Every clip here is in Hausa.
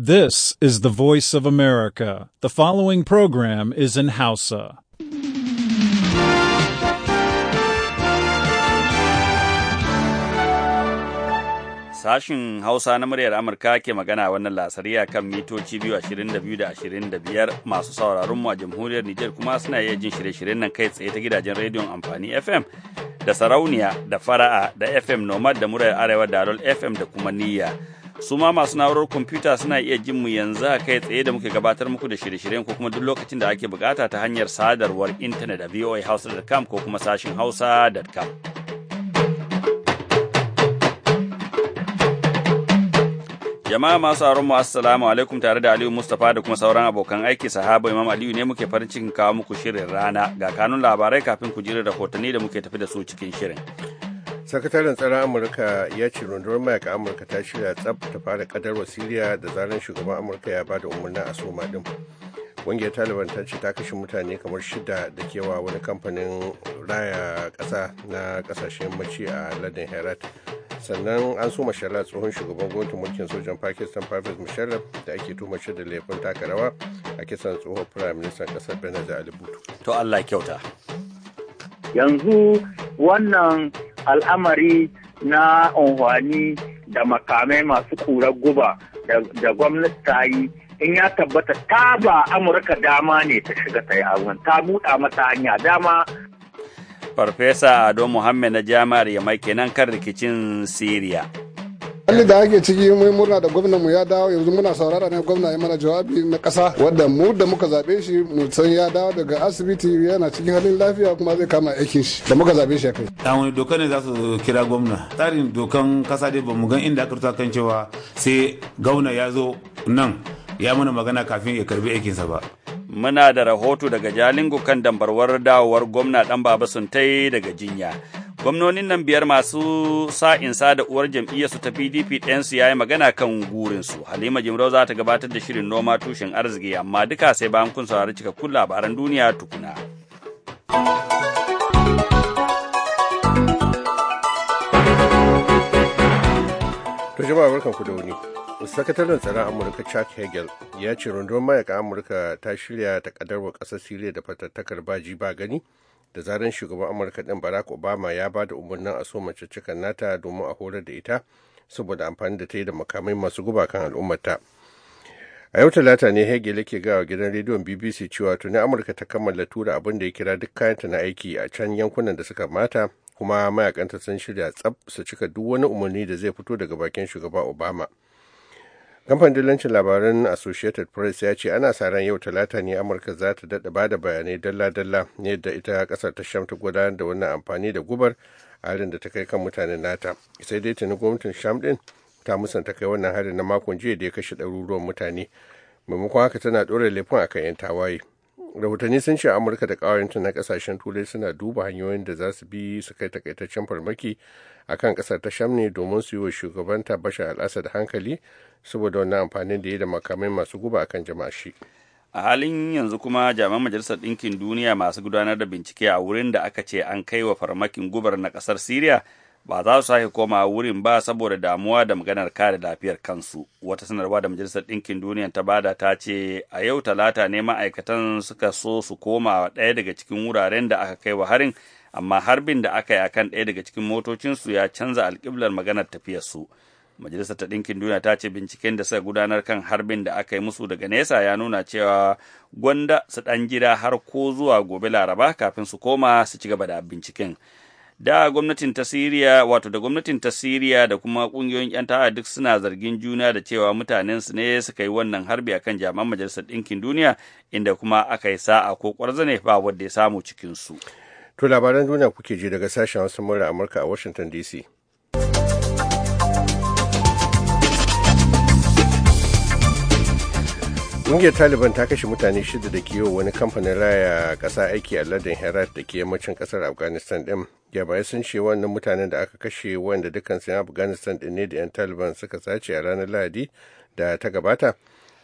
This is the voice of America. The following program is in Hausa. Sashin Hausa na muryar Amurka ke magana wannan a kan mitoci biyu ashirin da biyu da ashirin da biyar masu sauraron mu a jamhuriyar Nijar kuma suna iya jin shirye-shiryen nan kai tsaye ta gidajen rediyon amfani FM da sarauniya da fara'a da FM Nomad da muryar Arewa da Fm da kuma niyya. su ma masu na'urar kwamfuta suna iya jin mu yanzu a kai tsaye da muke gabatar muku da shirye-shiryen ko kuma duk lokacin da ake bukata ta hanyar sadarwar intanet a voahouse.com ko kuma sashin hausa.com. Jama'a masu aron mu assalamu alaikum tare da Aliyu Mustapha da kuma sauran abokan aiki sahaba Imam Aliyu ne muke farin cikin kawo muku shirin rana ga kanun labarai kafin ku jira rahotanni da muke tafi da su cikin shirin. sakataren tsaron amurka ya ce rundunar mayaka amurka ta shirya tsab ta fara kadarwa siriya da zarar shugaban amurka ya bada umarnin a soma din ƙungiyar taliban ta ce ta kashe mutane kamar shida da kewa wani kamfanin raya ƙasa na ƙasashen yammaci a lardin herat sannan an soma shari'a tsohon shugaban gwamnatin mulkin sojan pakistan pervez musharraf da ake tuma da laifin taka rawa a kisan tsohon firayim ministan ƙasar benazir ali to allah kyauta yanzu wannan al'amari na unhwani da makamai masu kurar guba da gwamnati ta yi in ya tabbata ta ba amurka dama ne ta shiga ta yi ta buɗa mata hanya dama farfesa ado muhammed na jami'ar yamai kenan kan rikicin siriya Halin da ake ciki mai murna da gwamnan mu ya dawo yanzu muna saurara ne gwamna ya mana jawabi na kasa wadda mu da muka zabe shi mu san ya dawo daga asibiti yana cikin halin lafiya kuma zai kama aikin shi da muka zabe shi ya kai. A wani doka ne za su kira gwamna. Tsarin dokan kasa dai bamu gan inda aka rutsa kan cewa sai gauna ya zo nan ya mana magana kafin ya karbi sa ba. Muna da rahoto daga Jalingo kan dambarwar dawowar gwamna ɗan Baba Suntai daga jinya. gwamnonin nan biyar masu sa sa'in da uwar jam'iyyarsu ta pdp ɗayansu ya yi magana kan gurinsu halima jimrau za ta gabatar da shirin noma tushen arziki amma duka sai bayan kun saurari kun labaran duniya tukuna to jama'a ku da wuni sakataren tsaron amurka chuck hagel ya ce rundunar mayaka amurka ta shirya ta kadarwa ƙasar siriya da fatattakar baji ba gani da zaran shugaban amurka ɗin barack obama ya ba da umarnin a so mace nata domin a horar da ita saboda amfani da ta yi da makamai masu guba kan al'ummata. a yau talata ne hegel yake gawa gidan rediyon bbc cewa tuni amurka ta kammala tura abin da ya kira duk kayanta na aiki a can yankunan da suka mata kuma mayakanta sun shirya tsab su cika duk wani umarni da zai fito daga bakin shugaba obama Kamfan dillancin labaran Associated Press ya ce ana sa ran yau talata ne Amurka za ta daɗa ba da bayanai dalla-dalla da ita kasar ta Sham ta gudanar da wannan amfani da gubar harin da ta kai kan mutanen nata. Sai dai tuni gwamnatin Sham ɗin ta musanta kai wannan harin na makon jiya da ya kashe ɗaruruwan mutane. Maimakon haka tana ɗora laifin akan 'yan tawaye. Rahotanni sun ce Amurka da ƙawayenta na kasashen Turai suna duba hanyoyin da za su bi su kai takaitaccen farmaki akan kasar ta Sham ne domin su yi wa shugabanta Bashar al'asa da hankali saboda wannan amfanin da ya da makamai masu guba akan jama'a shi a halin yanzu kuma jami'an majalisar ɗinkin duniya masu gudanar da bincike a wurin da aka ce an kai wa farmakin gubar na ƙasar siriya ba za su sake koma wurin ba saboda damuwa da maganar kare lafiyar kansu wata sanarwa da majalisar ɗinkin duniya ta bada ta ce a yau talata ne ma'aikatan suka so su koma ɗaya daga cikin wuraren da aka kai wa harin amma harbin da aka yi akan ɗaya daga cikin motocinsu ya canza alƙiblar maganar tafiyarsu su majalisar ta ɗinkin duniya ta ce binciken da suka gudanar kan harbin da aka yi musu daga nesa ya nuna cewa gwanda su ɗan gida har ko zuwa gobe laraba kafin su koma su ci gaba da binciken da gwamnatin ta siriya wato da gwamnatin ta siriya da kuma ƙungiyoyin 'yan tawa duk suna zargin juna da cewa mutanen su ne suka yi wannan harbi akan jami'an majalisar ɗinkin duniya inda kuma aka yi sa'a ko ƙwarzane ba wanda ya samu cikinsu. to labaran duniya kuke ji daga sashen wasu murar amurka a washington dc. kungiyar taliban ta kashe mutane shida da ke wani kamfanin raya kasa aiki a lardin herat da ke yammacin kasar afghanistan ɗin jami'ai sun ce wannan mutanen da aka kashe wanda dukkan sun afghanistan ɗin ne da 'yan taliban suka sace a ranar lahadi da ta gabata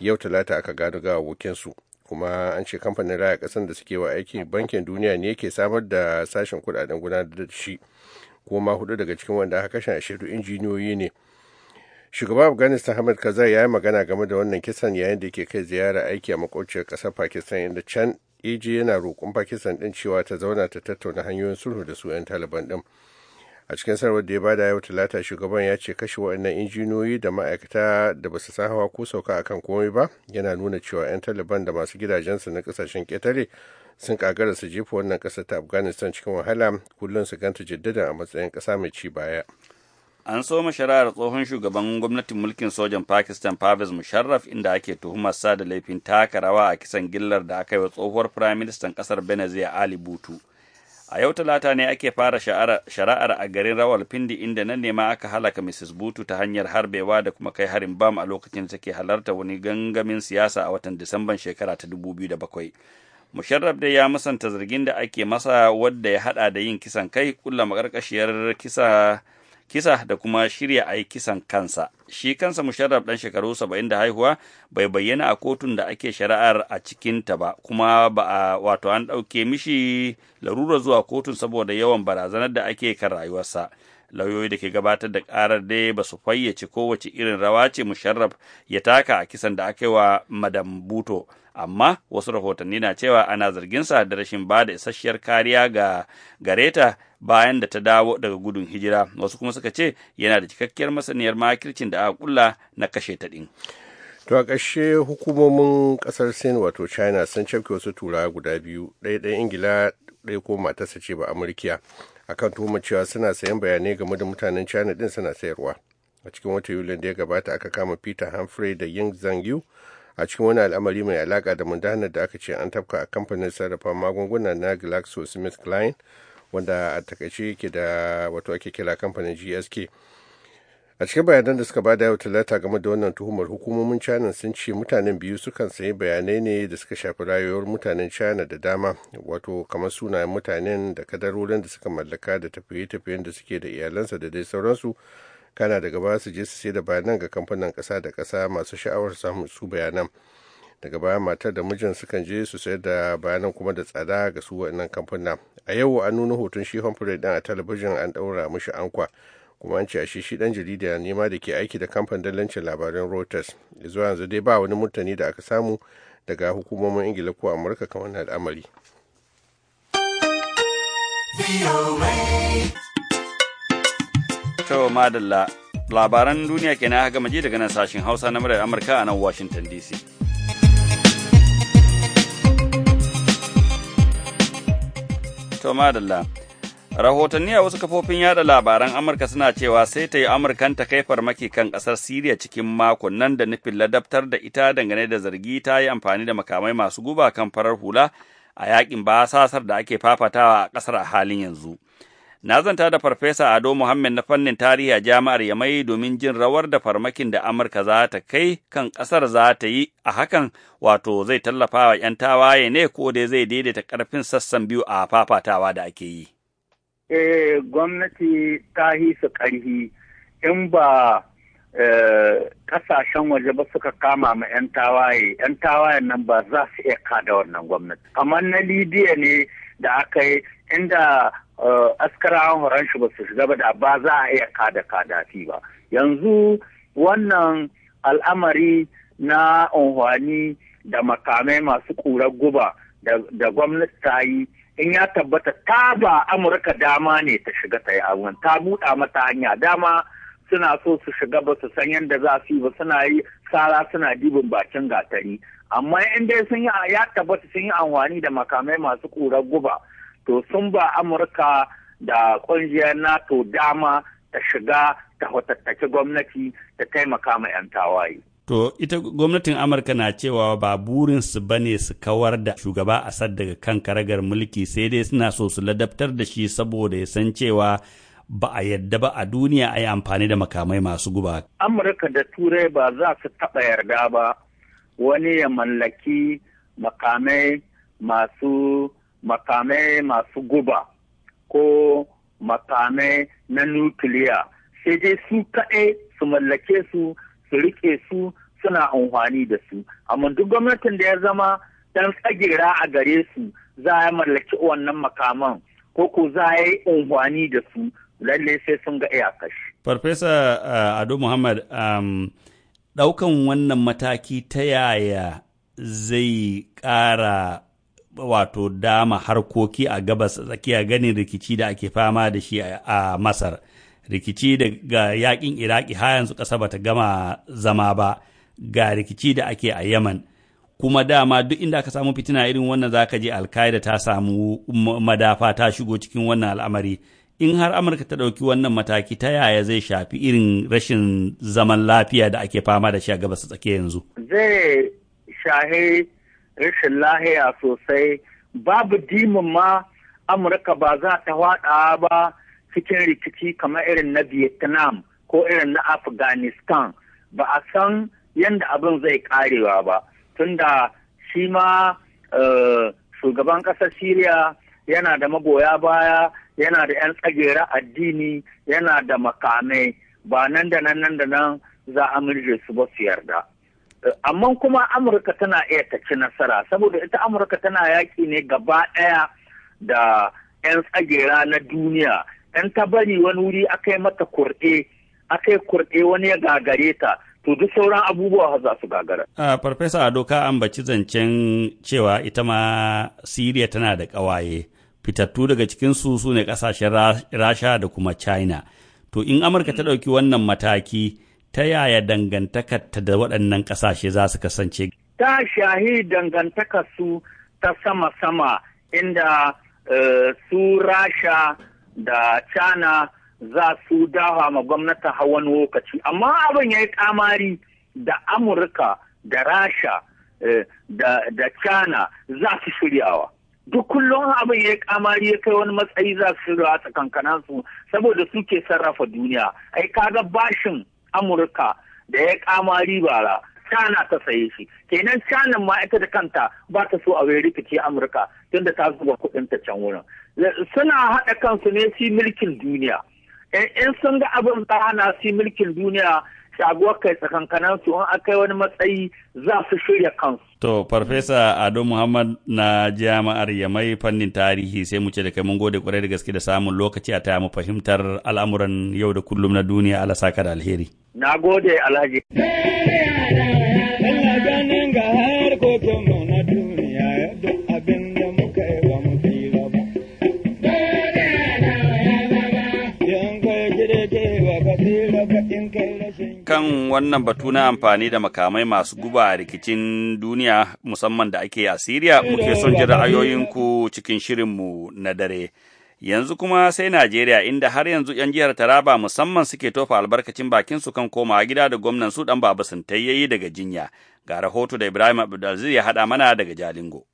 yau talata aka gano su kuma an ce kamfanin raya ƙasar da suke wa aiki bankin duniya ne ke samar da sashen kuɗaɗen gudanar da shi kuma hudu daga cikin wanda aka kashe a shaidu injiniyoyi ne shugaban afghanistan hamid kaza ya yi magana game da wannan kisan yayin da yake kai ziyara aiki a makwabciyar ƙasar pakistan inda can ej yana roƙon pakistan ɗin cewa ta zauna ta tattauna hanyoyin sulhu da su 'yan taliban ɗin a cikin sarwar da ya bada yau talata shugaban ya ce kashe waɗannan injiniyoyi da ma'aikata da ba su hawa ko sauka akan komai ba yana nuna cewa 'yan taliban da masu gidajensu na kasashen ƙetare sun kagara su jefa wannan ƙasar ta afghanistan cikin wahala kullum su ganta jaddada a matsayin ƙasa mai ci baya an soma shari'ar tsohon shugaban gwamnatin mulkin sojan pakistan pervez musharraf inda ake tuhumar sa da laifin taka rawa a kisan gillar da aka yi wa tsohuwar firaministan ƙasar benazir ali butu a yau talata ne ake fara shara'ar a garin rawal pindi inda nan nema aka halaka mrs butu ta hanyar harbewa da kuma kai harin bam a lokacin da take halarta wani gangamin siyasa a watan disamban shekara ta 2007 musharraf dai ya musanta zargin da ake masa wadda ya hada da yin kisan kai kulla makarkashiyar kisa kisa da kuma shirya a kisan kansa shi kansa musharraf ɗan shekaru saba'in da haihuwa bai bayyana a kotun da ake shari'ar a cikinta ba kuma ba a wato an ɗauke mishi larura zuwa kotun saboda yawan barazanar da ake kan rayuwarsa lauyoyi da ke gabatar da karar dai ba su fayyace kowace irin rawa ce musharraf ya taka a kisan da aka yi wa madam buto amma wasu rahotanni na cewa ana zarginsa da rashin ba da isasshiyar kariya ga gareta bayan da ta dawo daga gudun hijira wasu kuma suka ce yana da cikakkiyar masaniyar makircin da aka kulla na kashe ta ɗin. to a ƙarshe hukumomin ƙasar sin wato china sun cafke wasu turawa guda biyu ɗaya ɗan ingila ɗaya ko matarsa ce ba amurkiya akan tuhumar cewa suna sayan bayanai game da mutanen china din suna sayarwa a cikin wata yulin da ya gabata aka kama peter humphrey da ying zhang yu a cikin wani al'amari mai alaka da mundanar da aka ce an tafka a kamfanin sarrafa magunguna na glaxosmithkline wanda a takaice ke da wato ake kira kamfanin gsk a cikin bayanan da suka ba da yau talata game da wannan tuhumar hukumomin china sun ce mutanen biyu sukan sayi bayanai ne da suka shafi rayuwar mutanen china da dama wato kamar sunayen mutanen da kadarorin da suka mallaka da tafiye-tafiyen da suke da iyalansa da dai sauransu kana daga ba su je su sai da bayanan ga kamfanin kasa da kasa masu sha'awar samun su bayanan daga baya matar da mijin sukan je su sayar da bayanan kuma da tsada ga su wannan kamfanin a yau an nuna hoton shi humphrey din a talabijin an daura mishi ankwa kuma an ce a shi dan jarida ne ma da ke aiki da kamfan dallancin labaran reuters zuwa yanzu dai ba wani mutane da aka samu daga hukumomin ingila ko amurka kan wannan al'amari to madalla labaran duniya na haka maje daga nan sashen hausa na murar amurka a nan washington dc to madalla Rahotanni a wasu kafofin yada labaran Amurka suna cewa sai ta yi Amurkan ta kai farmaki kan ƙasar Siriya cikin makon nan da nufin ladabtar da ita dangane da zargi ta yi amfani da makamai masu guba kan farar hula a yakin basasar da ake fafatawa a ƙasar a halin yanzu. Na zanta da Farfesa Ado muhammed na fannin tarihi a jami'ar Yamai domin jin rawar da farmakin da Amurka za ta kai kan ƙasar za ta yi a hakan wato zai tallafa wa 'yan tawaye ne ko dai zai daidaita karfin sassan biyu a fafatawa da ake yi. eh gwamnati ta yi su ƙarfi in ba eh, ƙasashen waje ba suka kama ma 'yan tawaye 'yan tawaye nan ba za su iya kada wannan gwamnati kamar na lidiya ne da aka yi inda eh, askarawan horon shi ba su shiga ba da ba za a iya kada kadafi ba yanzu wannan al'amari na unhwani da makamai masu ƙurar guba da gwamnati ta yi in ya tabbata ta ba amurka dama ne ta shiga ta yi abin ta buɗa mata hanya dama suna so su shiga ba su san yadda za su yi ba suna yi sara suna dibin bakin gatari amma in dai sun yi ya tabbata sun yi amfani da makamai masu ƙurar guba to sun ba amurka da ƙungiyar nato dama ta shiga ta hotattaki gwamnati ta taimaka ma 'yan tawaye. To ita gwamnatin Amurka na cewa ba burinsu ba ne su kawar da shugaba Assad daga kan karagar mulki sai dai suna so su ladabtar da shi saboda ya san cewa ba a yadda ba a duniya a yi amfani da makamai masu guba. Amurka da Turai ba za su taɓa yarda ba wani ya mallaki makamai masu makamai masu guba ko makamai na nukiliya sai dai su kaɗai su mallake su su rike su suna amfani da su amma duk gwamnatin da ya zama dan tsagera a gare su za a mallaki wannan makaman ko ko za a yi unhwani da su lallai sai sun ga iyakashi. Farfesa uh, Ado Muhammad um, ɗaukan wannan mataki ta yaya zai ƙara wato dama harkoki a gabas tsakiya ganin rikici da ake fama da shi a Masar. rikici daga yakin iraki har yanzu ƙasa bata gama zama ba ga rikici da ake a yaman kuma dama duk inda aka samu fitina irin wannan ka je alkaida ta samu madafa ta shigo cikin wannan al'amari in har amurka ta ɗauki wannan mataki ta yaya zai shafi irin rashin zaman lafiya da ake fama da shi a gabas tsakiya yanzu zai shahe rashin lahiya sosai babu dimin ma amurka ba za ta hwada ba cikin rikici kamar irin na vietnam ko irin na afghanistan ba a san yadda abin zai karewa ba tunda shi ma eh, shugaban ƙasar syria yana da magoya baya yana da 'yan tsagera addini yana da makamai ba nan da nan nan da nan za a mirje su ba su yarda eh, amma kuma amurka tana iya ta ci nasara saboda ita amurka tana yaƙi ne gaba ɗaya da 'yan tsagera na duniya in ta bari wani wuri aka yi mata kurɗe aka yi kurɗe wani ya gagare ta to duk sauran abubuwa za su gagara. a ah, farfesa ado an ambaci zancen cewa ita ma siriya tana da ƙawaye fitattu daga cikin su ne ƙasashen rasha da kuma china to in amurka ta ɗauki wannan mataki ta yaya dangantakarta da waɗannan ƙasashe za su kasance ta shahi dangantaka su ta sama-sama inda eh, su rasha da Cana za su dawa ma gwamnatin hawan lokaci. Amma abin ya yi kamari da Amurka da Rasha eh, da Cana za su shiryawa. Duk kullum abin ya yi kamari ya kai wani matsayi za su shirya tsakankanansu saboda suke sarrafa duniya. Ai kaga bashin Amurka da ya kamari bara. China ta saye shi kenan China ma ita da kanta ba ta so a wuri rikici Amurka tunda ta zuba kuɗin ta can wurin suna haɗa kansu ne su mulkin duniya eh, in sun ga abin ta hana su mulkin duniya shaguwar kai tsakankanan su an akai wani matsayi za su shirya kansu. To, Farfesa Ado Muhammad na jami'ar mai fannin tarihi sai mu ce da kai mun gode kwarai da gaske da samun lokaci a taya mu fahimtar al'amuran yau da kullum na duniya ala saka da alheri. Na gode Alhaji. kan wannan batu na amfani da makamai masu guba a rikicin duniya musamman da ake a Siriya muke son jin ra'ayoyinku cikin shirinmu na dare. Yanzu kuma sai Najeriya inda har yanzu 'yan jihar Taraba musamman suke tofa albarkacin bakin su kan koma gida da gwamnan su dan baba sun yayi daga jinya. Ga rahoto da Ibrahim Abdulaziz ya haɗa mana daga Jalingo.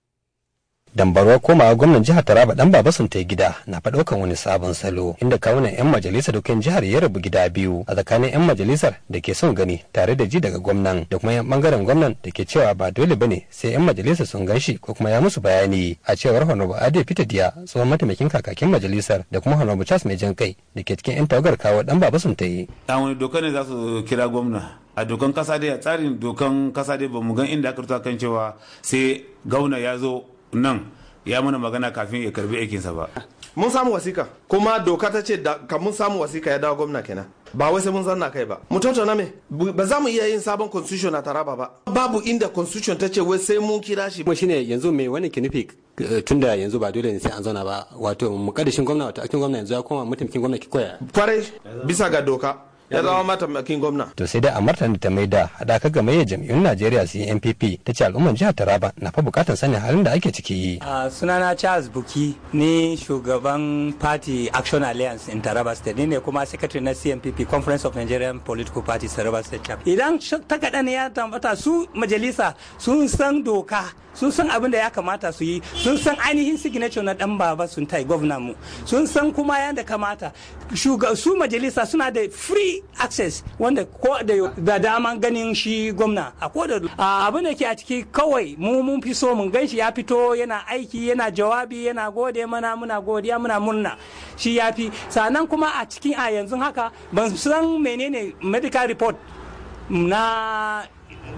dambarwar komawa gwamnan jihar taraba dan sun ta gida na faɗaukan wani sabon salo inda kawunan 'yan majalisar dukkan jihar ya rabu gida biyu a tsakanin 'yan majalisar da ke son gani tare da ji daga gwamnan da kuma 'yan bangaren gwamnan da ke cewa ba dole bane sai 'yan majalisar sun ganshi ko kuma ya musu bayani a cewar honorable ade peter diya tsohon mataimakin kakakin majalisar da kuma honorable charles mai jan kai da ke cikin 'yan tawagar kawo dan baba ta yi. ta wani doka ne za su kira gwamna a dokan kasa dai a tsarin dokan kasa dai ba mu gan inda aka rubuta kan cewa sai gauna ya zo nan ya mana magana kafin ya karbi aikinsa ba mun samu wasika kuma doka ta ce ka mun samu wasika ya dawo gwamna kenan ba wai sai mun zanna kai ba mu tattauna me ba za mu iya yin sabon constitution a taraba ba babu inda constitution ta ce wai sai mun kira shi kuma shine yanzu me wani kinifi eh, tunda yanzu ba dole ne sai an zauna ba wato mu mukaddashin gwamna wato akin gwamna yanzu ya koma mutumkin gwamna ki koya kware bisa ga doka ya zama makin gwamna. To sai dai a martani ta maida game da jam'iyyun Najeriya su NPP ta ce al'umman jihar Taraba na fa bukatar sanin halin da ake ciki. A sunana Charles Buki ni shugaban Party Action Alliance in Taraba State ni ne kuma secretary na CNPP Conference of Nigerian Political Parties Taraba State Chapter. Idan takaɗa ne ya tambata su majalisa sun san doka sun san abin da ya kamata su yi sun san ainihin signature na dan baba sun tai gwamna mu sun san kuma yadda kamata su majalisa suna da free access wanda ko da daman ganin shi gwamna a ko da abin da ke a ciki kawai mu mun fi so mun gan shi ya fito yana aiki yana jawabi yana gode mana muna godiya muna murna shi ya fi sannan kuma a cikin a yanzu haka ban san menene medical report na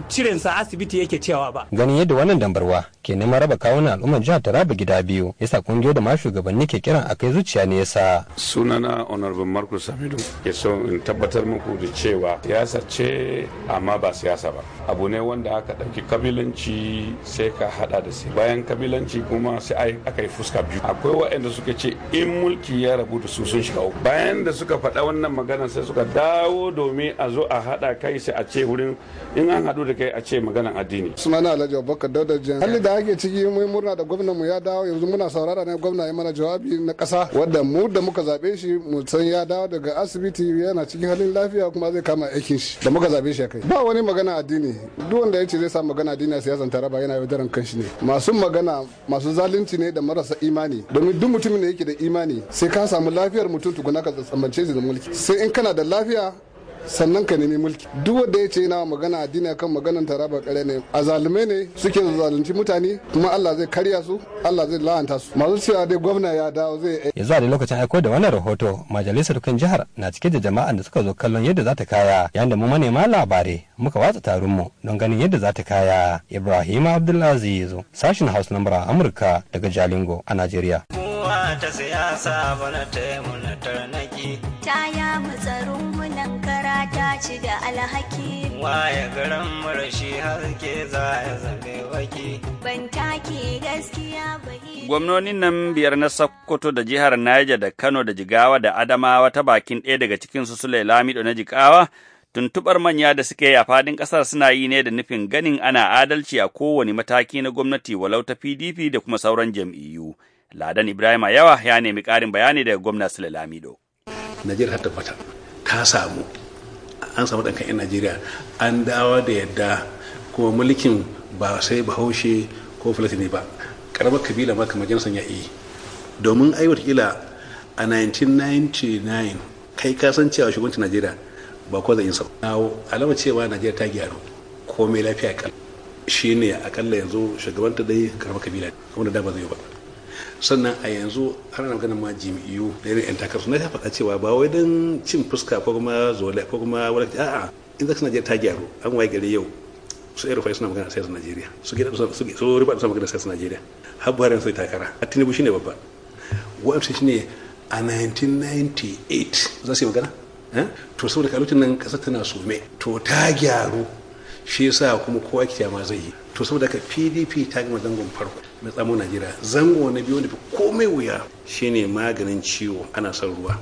cirensa asibiti yake cewa ba. Ganin yadda wannan dambarwa ke neman raba kawuna al'ummar jihar Taraba gida biyu yasa kungiyar da ma shugabanni ke kiran a kai zuciya ne yasa. Sunana Honorable Marcus Samidu ya so in tabbatar muku da cewa siyasa ce amma ba siyasa ba. Abu ne wanda aka ɗauki kabilanci sai ka haɗa da sai bayan kabilanci kuma sai aka yi fuska biyu. Akwai waɗanda suka ce in mulki ya rabu da su sun shiga Bayan da suka faɗa wannan magana sai suka dawo domin a zo a haɗa kai sai a ce wurin in an haɗu da da kai a ce maganan addini sunana alhaji abubakar dauda jan hali da ake ciki mai murna da gwamnan mu ya dawo yanzu muna saurara ne gwamna ya mana jawabi na kasa wanda mu da muka zabe shi mu san ya dawo daga asibiti yana cikin halin lafiya kuma zai kama aikin shi da muka zabe shi kai ba wani magana addini duk wanda ya ce zai sa magana addini a siyasan taraba yana yaudaran kanshi ne masu magana masu zalunci ne da marasa imani domin duk mutumin da yake da imani sai ka samu lafiyar mutum tukuna ka tsammace shi da mulki sai in kana da lafiya sannan ka nemi mulki duk wanda ya ce yana magana addini akan maganan taraba kare ne azalume ne suke zalunci mutane kuma Allah zai karya su Allah zai la'anta su masu cewa dai gwamna ya dawo zai yanzu a da lokacin aiko da wannan rahoto majalisar kan jihar na cike da jama'an da suka zo kallon yadda za ta kaya yayin da mu manema labarai muka watsa taron mu don ganin yadda za ta kaya Ibrahim Abdulaziz sashin House number Amurka daga Jalingo a Najeriya. ta siyasa bana ta tarnaki. Ta ya ci da alhaki waye garin marashi haske za zabe waki ban taki gaskiya gwamnonin nan biyar na Sokoto da jihar Niger da Kano da Jigawa da Adamawa ta bakin ɗaya daga cikin su Lamido na Jigawa tuntubar manya da suke yi a fadin ƙasar suna yi ne da nufin ganin ana adalci a kowane mataki na gwamnati walau ta PDP da kuma sauran jam'iyyu. Ladan Ibrahim Yawa ya nemi ƙarin bayani daga gwamna Sule Lamido. Najeriya ta tabbata ta samu an samu ɗan kan najeriya an dawa da yadda kuma mulkin ba sai bahaushe ko fulatini ba karamar kabila ma kamar jinsan ya yi domin ai watakila a 1999 kai ka san cewa shugabancin najeriya ba ko zai yin sa na alama cewa najeriya ta gyaru ko mai lafiya kal ne akalla yanzu shugabanta dai ƙaramar kabila kuma da ba zai yi ba sannan a yanzu har na magana ma jimiyu da irin yan takarsu na ta faɗa cewa ba wai don cin fuska ko kuma zola ko kuma wani a'a in zaka najeriya ta gyaru an waye gari yau su ero rufai suna magana sai su najeriya su gida su su riba suna magana sai su najeriya har buhari sai takara a tinubu shine babba sai shine a 1998 za su yi magana eh? to saboda kalocin nan kasar tana sume to ta gyaru shi yasa kuma kowa kiyama zai yi to saboda ka pdp ta gama zangon farko na tsamo najeriya zango na biyu wanda fi komai wuya shine maganin ciwo ana son ruwa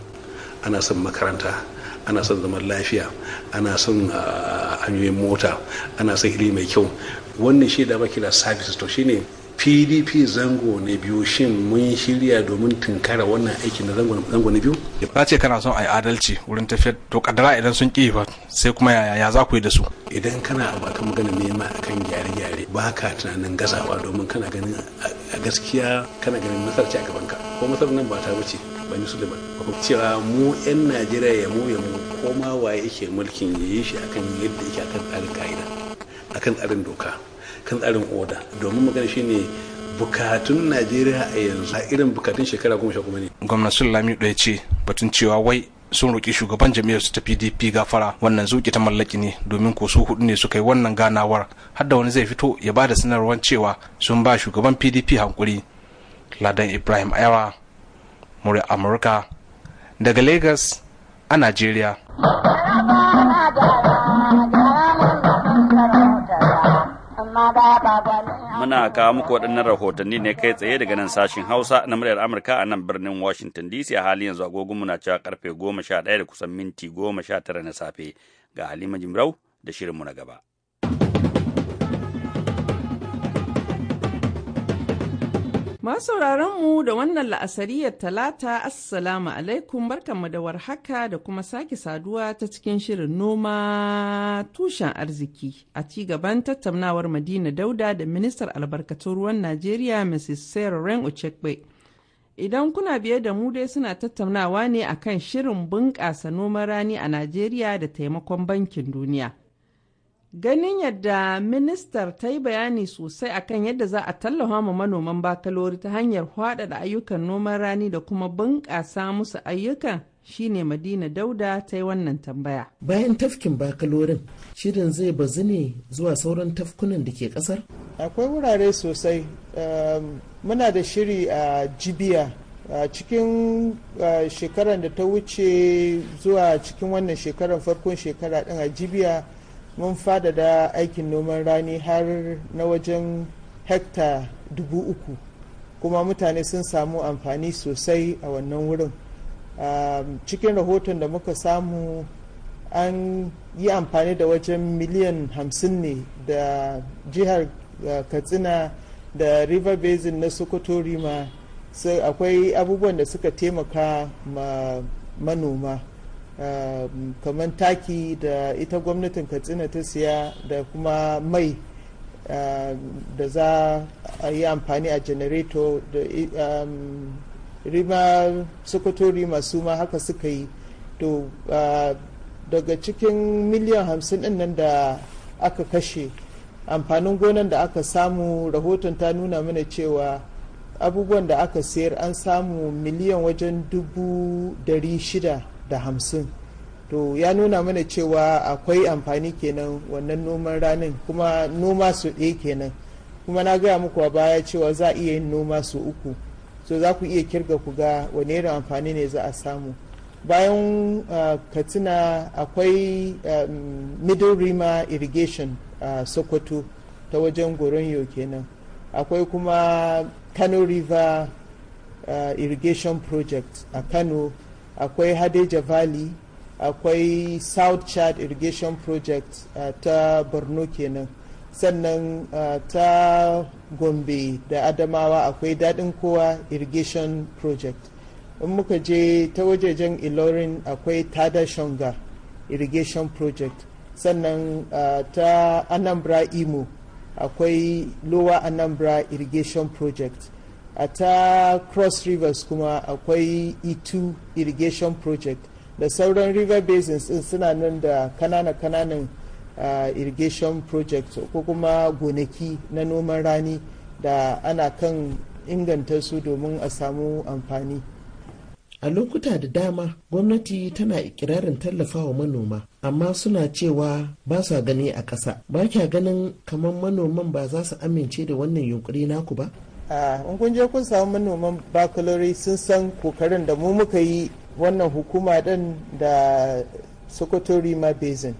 ana son makaranta ana son zaman lafiya ana son ah, hanyoyin mota ana son hili mai kyau wannan shi da kila services to shine pdp zango na biyu shin mun shirya domin tunkara wannan aikin na zango na biyu ka ce kana son a yi adalci wurin tafiyar to kaddara idan sun ƙi ba sai kuma yaya za ku yi da su idan kana abu baka magana nema kan gyare-gyare ba ka tunanin gazawa domin kana ganin a gaskiya kana ganin nasarci a gabanka ko masarar nan ba ta wuce ba ni su ba. suleiman cewa mu 'yan najeriya ya mu ya mu koma waye yake mulkin ya yi shi akan yadda yake akan tsarin ka'ida akan tsarin doka kan tsarin oda domin magana shine bukatun najeriya a yanzu irin bukatun shekara goma sha goma ne lami ɗaya ce batun cewa wai sun roƙi shugaban jami'ar su ta pdp gafara wannan zuƙi ta mallaki ne domin ko su hudu ne suka yi wannan ganawar har da wani zai fito ya ba da sanarwar cewa sun ba shugaban pdp hankuri ladan ibrahim ayawa murya amurka daga lagos a najeriya Muna kawo muku waɗannan rahotanni ne kai tsaye daga nan sashin Hausa na muryar Amurka a nan birnin Washington DC a halin yanzu agogon muna cewa karfe goma da kusan minti goma na safe ga Halima Jimrau da shirinmu na gaba. sauraron mu da wannan la'asariyar talata assalamu alaikum barkanmu da warhaka da kuma sake saduwa ta cikin shirin noma tushen arziki a ci gaban tattaunawar madina dauda da ministar albarkatun ruwan najeriya mrs sarah ren ochekwe idan kuna biye da mu dai suna tattaunawa ne akan shirin bunƙasa noman rani a najeriya da taimakon bankin duniya ganin yadda ministar ta yi bayani sosai akan yadda za a tallafa ma manoman bakalori ta hanyar da ayyukan noman rani da kuma bunƙasa musu ayyukan shine madina dauda ta yi wannan tambaya bayan tafkin bakalorin shirin zai bazu ne zuwa sauran tafkunan da ke kasar akwai wurare sosai ehm, muna da shiri a jibiya a cikin shekarar da ta wuce zuwa cikin wannan shekarar farkon shekara din a jibiya mun fadada aikin noman rani har na wajen hekta dubu uku kuma mutane sun samu amfani sosai a wannan wurin cikin rahoton da muka samu an yi amfani da wajen miliyan hamsin ne da jihar katsina da river basin na sokoto rima akwai abubuwan da suka taimaka ma manoma Um, kamar taki da ita gwamnatin katsina ta siya da kuma mai um, da za a yi amfani a janareto da um, rima sokotori masu ma haka suka yi to uh, daga cikin miliyan hamsin din nan da aka kashe amfanin gonan da aka samu rahoton ta nuna mana cewa abubuwan da aka sayar an samu miliyan wajen dubu dari shida da hamsin to ya nuna mana cewa akwai amfani kenan wannan noman ranin kuma noma su ɗaya kenan kuma na gaya muku a baya cewa za a iya yin noma su uku so za ku iya kirga ku ga wani irin amfani ne za a samu bayan uh, katsina akwai um, middle rima irrigation a uh, sokoto ta wajen goronyo kenan akwai kuma kano river uh, irrigation project a kano akwai hadeja valley akwai south chad irrigation project uh, ta borno kenan sannan uh, ta gombe da adamawa akwai daɗin kowa irrigation project in muka je ta wajejen ilorin akwai tada shonga irrigation project sannan uh, ta anambra imo akwai lower anambra irrigation project a ta cross rivers kuma akwai e2 irrigation project da sauran river basins din suna nan da kanana-kananan uh, irrigation project ko kuma gonaki na noman rani da ana kan inganta su domin a samu amfani a lokuta da dama gwamnati tana ikirarin tallafawa manoma amma suna cewa ba sa gani a ƙasa ba kya ganin kamar manoman ba za su amince da wannan yunkuri naku ba in kun kun samu manoman bakalori sun san kokarin da mu muka yi wannan hukuma din da sokoto ma basin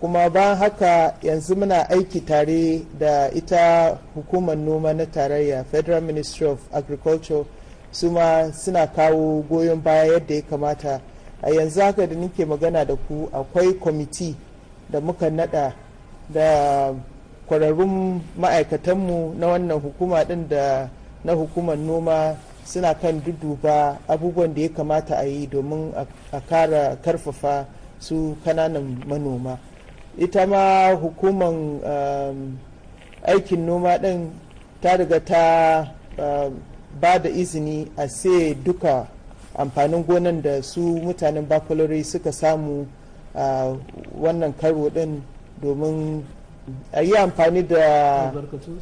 kuma ban haka yanzu muna aiki tare da ita hukumar noma na tarayya federal ministry of agriculture su ma suna kawo goyon baya yadda ya kamata a yanzu haka da nike magana da ku akwai kwamiti da muka nada da kwararrun ma'aikatanmu na wannan hukuma ɗin da na hukumar noma suna kan duduba abubuwan da ya kamata a yi domin a kara karfafa su kananan manoma ita ma hukumar um, aikin noma ɗin ta riga ta um, ba da izini a sai duka amfanin gonan da su mutanen bakalori suka samu a wannan karo ɗin domin a yi amfani da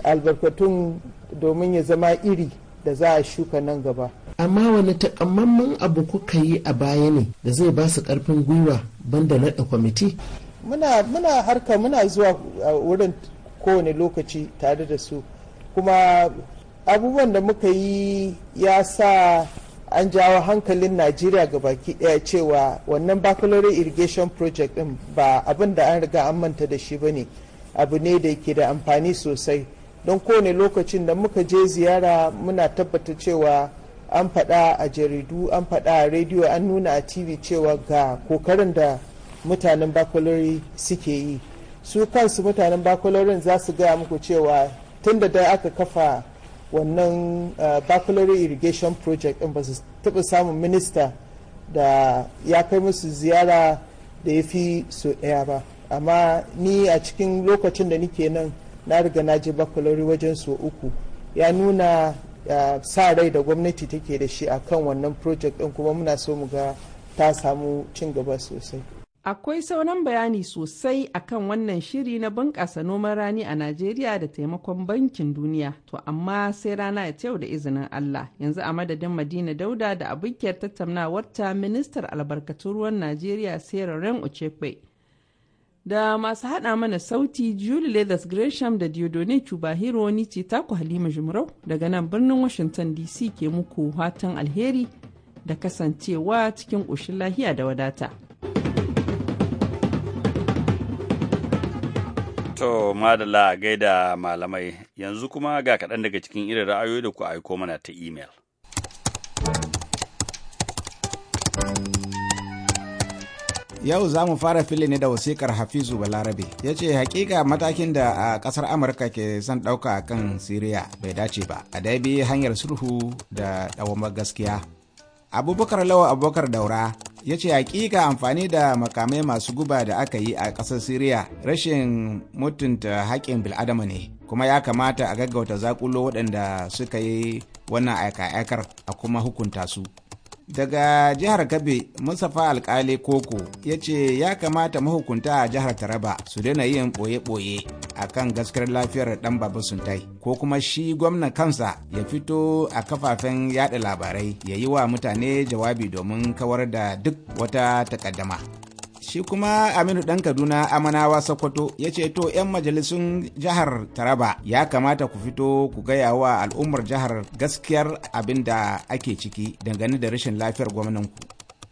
albarkatun domin ya zama iri da za a shuka nan gaba amma wani takamamman abu kuka yi a baya ne da zai ba su karfin gwiwa banda naɗa kwamiti muna harka muna zuwa wurin kowane lokaci tare da su kuma abubuwan da muka yi ya sa an jawo hankalin najeriya ga baki daya cewa wannan baccalaureate irrigation project ɗin ba abin da an riga an manta da shi ba ne abu ne da ke da amfani sosai don kowane lokacin da muka je ziyara muna tabbata cewa an faɗa a jaridu an faɗa a rediyo an nuna a tv cewa ga kokarin da mutanen bakwalori suke yi su kansu mutanen bakwalorin za su gaya muku cewa tun da aka kafa wannan eh, bakwalori irrigation project in ba su taɓa samun minista da ya kai musu ziyara da ya fi so ɗaya ba amma ni a cikin lokacin da nike nan na riga na ji bakalori wajen so uku ya nuna sa rai da gwamnati take da shi a kan wannan project ɗin kuma muna so mu ga ta samu cin gaba sosai akwai sauran bayani sosai akan wannan shiri na bunƙasa noman rani a najeriya da taimakon bankin duniya to amma sai rana ya yau da izinin allah yanzu a madadin madina dauda da abokiyar tattaunawarta ministar albarkatun ruwan najeriya sarah ren ochekwe da masu haɗa mana sauti Julie Leathers Gresham da Diodone bahiru ni ce taku Halima jimarau daga nan birnin Washington DC ke muku hatan alheri da kasancewa cikin ƙoshin lahiya da wadata. To madala gaida malamai yanzu kuma ga kaɗan daga cikin irin ra'ayoyi da ku aiko mana ta imel. yau za mu fara fili ne da wasikar hafizu balarabe ya ce hakika matakin da a kasar amurka ke son ɗauka a kan siriya bai dace ba a dai bi hanyar sulhu da dawamar gaskiya abubakar lawa abubakar daura ya ce hakika amfani da makamai masu guba da aka yi a ƙasar siriya rashin mutunta haƙƙin bil'adama ne kuma ya kamata a gaggauta zakulo waɗanda suka yi wannan aika-aikar a kuma hukunta su daga jihar kabe mustapha alkali koko ya ce ya kamata mahukunta a jihar taraba su daina yin boye-boye a kan gaskiyar lafiyar dan baba suntai ko kuma shi gwamna kansa ya fito a kafafen yada labarai ya yi wa mutane jawabi domin kawar da duk wata takaddama shi kuma aminu ɗan kaduna amanawa sokoto ya ce to 'yan majalisun jihar taraba ya kamata ku fito ku gaya wa al'ummar jihar gaskiyar abin da ake ciki dangane da rashin lafiyar gwamnanku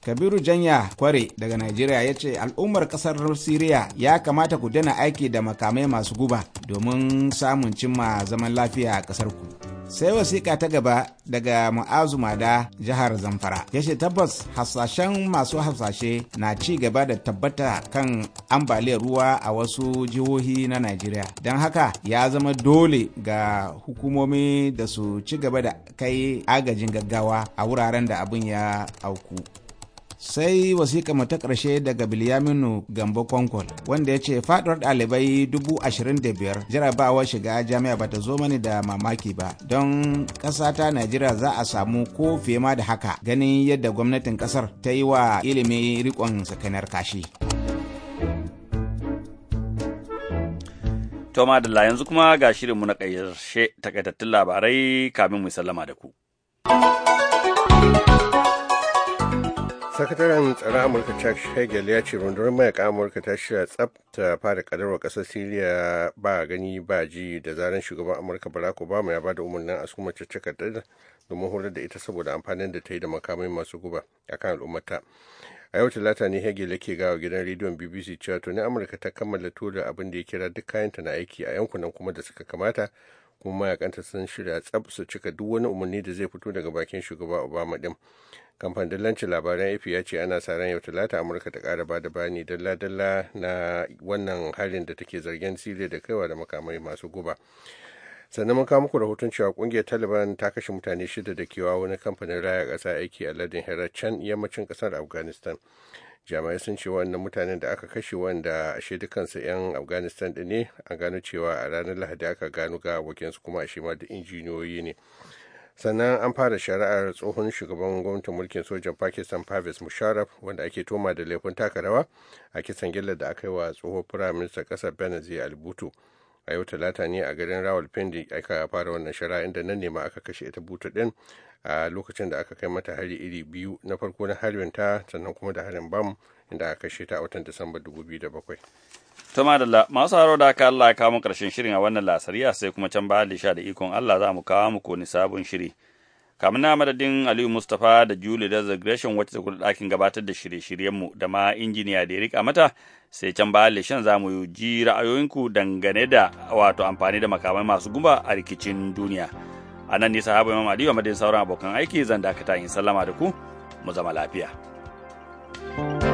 kabiru janya kware daga najeriya ya ce al'ummar kasar siriya ya kamata ku dana aiki da makamai masu guba domin samun cimma zaman lafiya a ƙasarku. ku sai wasiƙa ta gaba daga mu'azu mada jihar zamfara ya ce tabbas hasashen masu hasashe na ci gaba da tabbata kan ambaliyar ruwa a wasu jihohi na najeriya don haka ya zama dole ga hukumomi da su ci gaba da kai agajin gaggawa a wuraren da abin ya auku sai wasiƙa mu ta ƙarshe daga bilyaminu gambo konkol wanda ya ce faɗuwar ɗalibai dubu ashirin da biyar jarabawar shiga jami'a ba ta zo mani da mamaki ba don ƙasa ta najeriya za a samu ko fiye ma da haka ganin yadda gwamnatin ƙasar ta yi wa ilimi riƙon sakanar kashi to madalla yanzu kuma ga shirin shirinmu na ƙarshe takaitattun labarai kamin mu sallama da ku sakataren tsara amurka chuck hagel ya ce rundunar mayaka amurka ta shirya tsabta fara kadarwa kasar siriya ba gani ba ji da zaran shugaban amurka barack obama ya bada umarnin a suma caccakar domin horar da ita saboda amfanin da ta yi da makamai masu guba akan al'ummata a yau talata ne hegel yake gawa gidan rediyon bbc cewa tuni amurka ta kammala tura abin da ya kira duk kayanta na aiki a yankunan kuma da suka kamata kuma mayakanta sun shirya tsab su cika duk wani umarni da zai fito daga bakin shugaba obama din kamfanin dillancin labaran ap ya ce ana sa yau talata amurka ta kara ba da bayani dalla-dalla na wannan harin da take zargin siriya da kaiwa da makamai masu guba sannan mun kawo muku rahoton cewa kungiyar taliban ta kashe mutane shida da kewa wani kamfanin raya ƙasa aiki a ladin herat can yammacin kasar afghanistan jami'ai sun ce wannan mutanen da aka kashe wanda ashe dukansu 'yan afghanistan din ne a gano cewa a ranar lahadi aka gano ga abokinsu kuma ashe ma da injiniyoyi ne sannan an fara shari'ar tsohon shugaban gwamnatin mulkin sojan pakistan pavis musharraf wanda ake toma da laifin taka rawa a kisan gillar da aka yi wa tsohon firaminista ƙasar benazir albutu a yau talata ne a garin rawalpindi aka fara wannan shara inda nan ne ma aka kashe ita butu din a lokacin da aka kai mata hari iri biyu na farko na harin ta sannan kuma da harin bam inda aka kashe ta a watan disamba 2007 da madalla masu haro da aka Allah ya kawo mu karshen shirin a wannan lasariya sai kuma can ba da ikon Allah za mu kawo muku wani sabon shiri kamar na madadin aliyu mustapha da julie da zagreshin wacce ta kudu ɗakin gabatar da shirye-shiryenmu da ma injiniya da ya rika mata sai can ba lishan za mu ji ra'ayoyinku dangane da wato amfani da makamai masu guba a rikicin duniya a nan nisa habu imam aliyu a madadin sauran abokan aiki zan dakata in sallama da ku mu zama lafiya. thank you